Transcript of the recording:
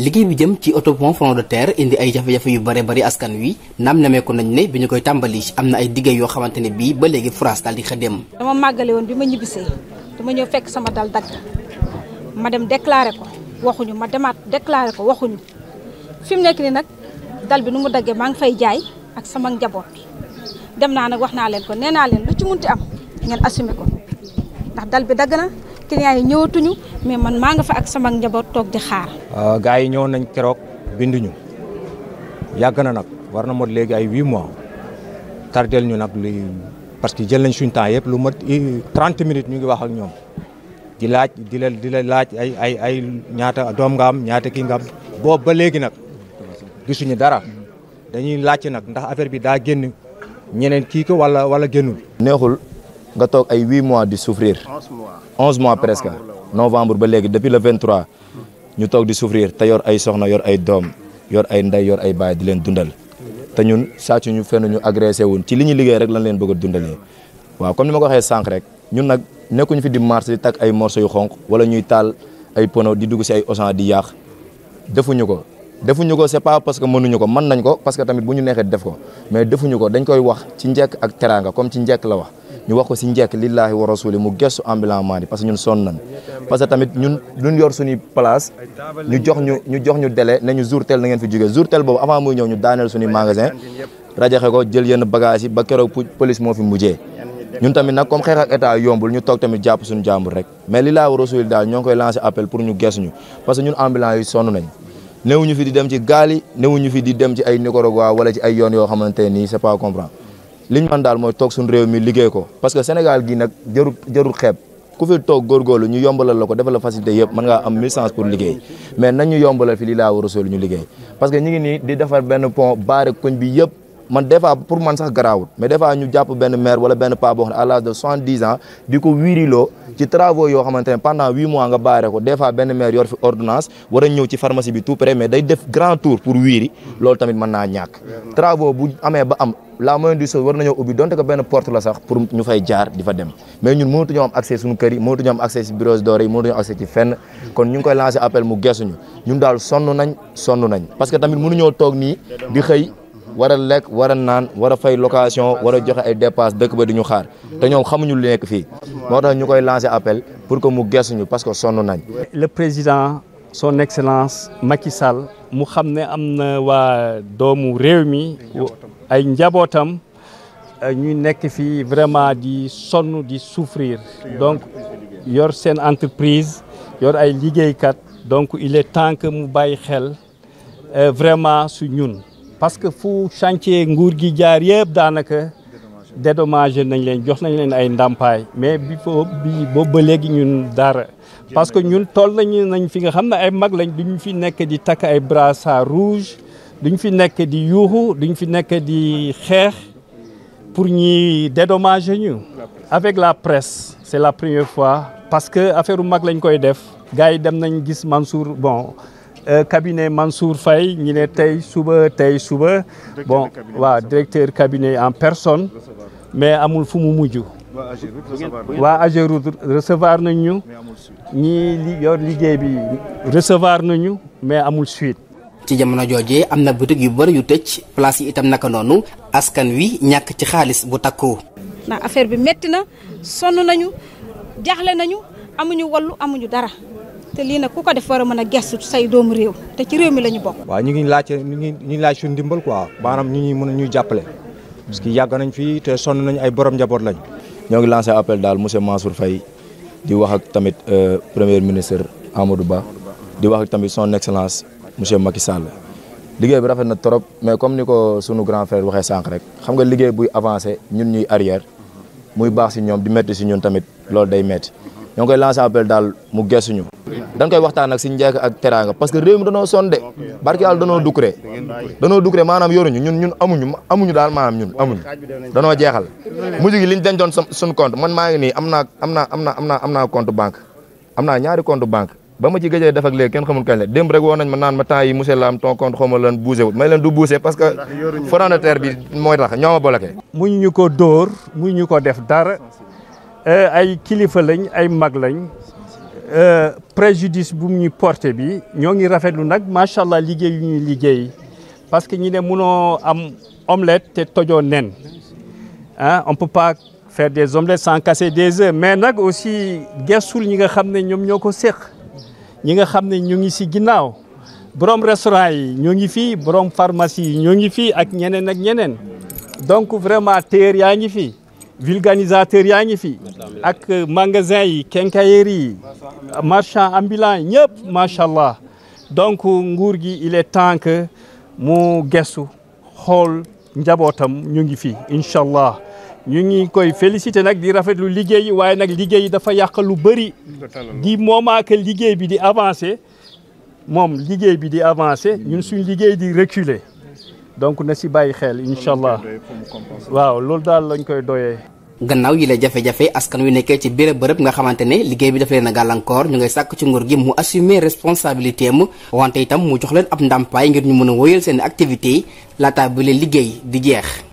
liggéey bi jëm ci autopont front de terre indi ay jafe-jafe yu bare bari askan wi naam nameeku nañ ne bi ñu koy tàmbali am na ay diggéey yoo xamante ne bii ba léegi France daal di xëddeem. dama màggale woon bi ma ñibbisee dama ñëw fekk sama dal dagg ma dem déclaré ko waxuñu ma demaat déclaré ko waxuñu fi mu nekk nii nag dal bi nu mu daggee maa ngi fay jaay ak sama njaboot dem naa nag wax naa leen ko nee naa leen lu ci munti am ngeen assumé ko. ndax dal bi daggana na clients yi ñëwatuñu mais man maa nga fa ak sama njaboot toog di xaar. Euh, gars yi ñëwoon nañ keroog binduñu yàgg na nag war na mot léegi ay huit mois tardel ñu nag luy parce que jël nañ suñu temps yëpp lu mat trente minutes ñu ngi wax ak ñoom di laaj di la di la laaj ay ay ay ñaata doom nga am ñaata kii ngam am ba léegi nag gisuñu dara dañuy laajte nag ndax affaire bi daa génn ñeneen kii ko wala wala génnul. neexul. nga toog ay huit mois di souffrir onze mois presque novembre ba léegi depuis le vingt trois ñu toog di souffrir te yor ay soxna yor ay doom yor ay ndey yor ay baay di leen dundal te ñun sàcc ñu fenn ñu agressé wuñ ci li ñu liggéey rek lan leen bëgg a dundalee waaw comme ni ma ko waxee sànq rek ñun nag nekkuñu fi di marché di takk ay morceaux yu xonq wala ñuy taal ay pono di dugg si ay osan di yàq defuñu ko defuñu ko c'est pas parce que mënuñu ko mën nañ ko parce que tamit bu ñu neexee def ko mais defuñu ko dañ koy wax ci njekk ak teraanga comme ci njekk la wax ñu wax ko si njekk lillahi wa rasuli mu gestu ambulance yi parce que ñun sonn nañ parce que tamit ñun luñ yor suñuy place ñu jox ñu ñu jox ñu délai nañu jour tel na ngeen fi jógee jour tel boobu avant muy ñëw ñu daaneel suñuy magasin rajaxe ko jël yenn bagage yi ba keroog police moo fi mujjee ñun tamit nag comme xeex ak état yombul ñu toog tamit jàpp suñu jàmbur rek mais lillahi wa rasuli daal ñoo ngi koy lancé appel pour ñu gestu ñu parce que ñun ambulance yi sonn nañ newuñu fi di dem ci gaal yi newuñu fi di dem ci ay Nicaragua wala ci ay yoon yoo xamante nii c'est pas comprendre liñ man daal mooy toog suñu réew mi liggéey ko parce que Sénégal gi nag jarul jarul xeeb ku fi toog góorgóorlu ñu yombalal la ko defal la facilité yëpp mën ngaa am mille chances pour liggéey mais nañ ñu yombalal fi lii laa war a ñu liggéey parce que ñu ngi nii di defar benn pont baare koñ bi yëpp man des pour man sax garaawut mais des ñu jàpp benn maire wala benn paa boo à l'âge de soixante-dix ans di ko wiiriloo ci travaux yoo xamante pendant huit mois nga baare ko des benn maire yor fi ordonnance war a ñëw ci pharmacie bi tout près mais day def grand tour pour wiiri loolu tamit mën naa ñàkk travaux bu amee ba am la moyenne du sol war nañoo ubbi donte ko benn porte la sax pour ñu fay jaar di fa dem mais ñun mënatuñoo am accès am accès si war a lekk war a naan war a fay location war a joxe ay dépenses dëkk ba du ñu xaar te ñoom xamuñu lu nekk fii moo tax ñu koy lancer appel pour que mu gëstuñu parce que sonn nañ. le président son excellence Macky Sall mu xam ne am na waa doomu réew mi ay njabootam euh, ñu nekk fii vraiment di sonn di souffrir donc yor seen entreprise yor ay liggéeykat donc il est temps que mu bàyyi xel euh, vraiment su ñun. parce que fu chantier nguur gi jaar yëpp daanaka dédommagé nañ leen jox nañ leen ay ndàmpaay mais bi foo bi boobu ba léegi ñun dara parce que ñun toll nañu nañ fi nga xam ne ay mag lañ duñ fi nekk di takk ay brassard rouge duñ fi nekk di yuuxu duñ fi nekk di xeex pour ñi dédommager ñu avec la presse c'est la première fois parce que affaire u mag lañ koy def gars yi dem nañ gis Mansour bon Euh, cabinet Mansour Faye ñi ne tey suba tey suba bon waaw directeur cabinet en personne mais amul fu mu mujj waa Ageroute recevoir nañ ñu liggéey bi recevoir nañu mais amul suite ci jamono joojee am na boutique yu bëri yu tëj place yi itam naka noonu askan wi ñàkk ci xaalis bu takku ndax affaire bi métti na sonn nañu jaaxle nañu amuñu wallu amuñu dara te lii nag ku ko def war a mën a gestu say doomu réew te ci réew mi la bokk. waaw ñu ngi laajte ñu ngi ñu ngi laaj suñu ndimbal quoi maanaam ñu ñuy mën a ñuy jàppale parce que yàgg nañ fii te sonn nañ ay borom njaboot lañ. ñoo ngi lancé appel daal monsieur Mansour Faye di wax ak tamit euh, premier ministre Amadou Ba di wax ak tamit son excellence monsieur Macky Sall liggéey bi rafet na trop mais comme ni ko sunu grand frère waxee sànq rek xam nga liggéey buy avancé ñun ñuy arrière muy baax si ñoom di métti si ñun tamit loolu day métti. ñoo ngi koy lancer appel daal mu gëstuñu dañ koy waxtaan nag si njëkk ak teraanga parce que réew mi danoo sonde barki yàlla danoo dukkure danoo dukkure maanaam yoruñu ñun ñun amuñu amuñu daal maanaam ñun amuñu jeexal mujj gi liñ dencoon suñ compte man maa ngi nii am naa am am naa am naa am naa compte banque am naa ñaari compte banque ba ma ci gëjee def ak léegi kenn xamul kañ la démb rek woon ma naan ma temps yi monsieur la am ton compte xaw ma leen bougé wut may leen du bougé parce que front de terre bi mooy tax ñoo ma Euh, ay kilifa lañ ay mag lañ euh, préjudice bu mu ñu porté bi ñoo ngi rafetlu nag macha allah liggéey yu liggéey parce que ñi ne munoo am omelette te tojoo nen ah on peut pas faire des omelettes sans casser des œufs mais nag aussi gesul ñi nga xam ne ñoom ñoo ko séq ñi nga xam ne ñu ngi si ginnaaw borom restaurant yi ñoo ngi fii borom pharmacie yi ñoo ngi fii ak ñeneen ak ñeneen donc vraiment téer yaa ngi fii vulganisateur yaa ngi fi ak euh, magasin yi quincaillerie yi marchand ambulant yi ñëpp macha allah donc nguur gi il est mu gestu xool njabootam ñu ngi fi incha allah ñu ngi koy félicité nag di rafetlu liggéey yi waaye nag liggéey dafa yàq lu bëri di moment que liggéey bi di avancé moom liggéey bi di avancé ñun suñ liggéey di reculer donc na si bàyyi xel incha allah waaw loolu daal lañu koy doyee. gannaaw yi la jafe-jafe askan wi nekkee ci béréb bërëb nga xamante ne liggéey bi dafa leen gàllankoor ñu ngay sàkk ci nguur gi mu assumer responsabilité am wante itam mu jox leen ab ndàmpaay ngir ñu mën a wóyal seen activité laata bi leen liggéey di jeex.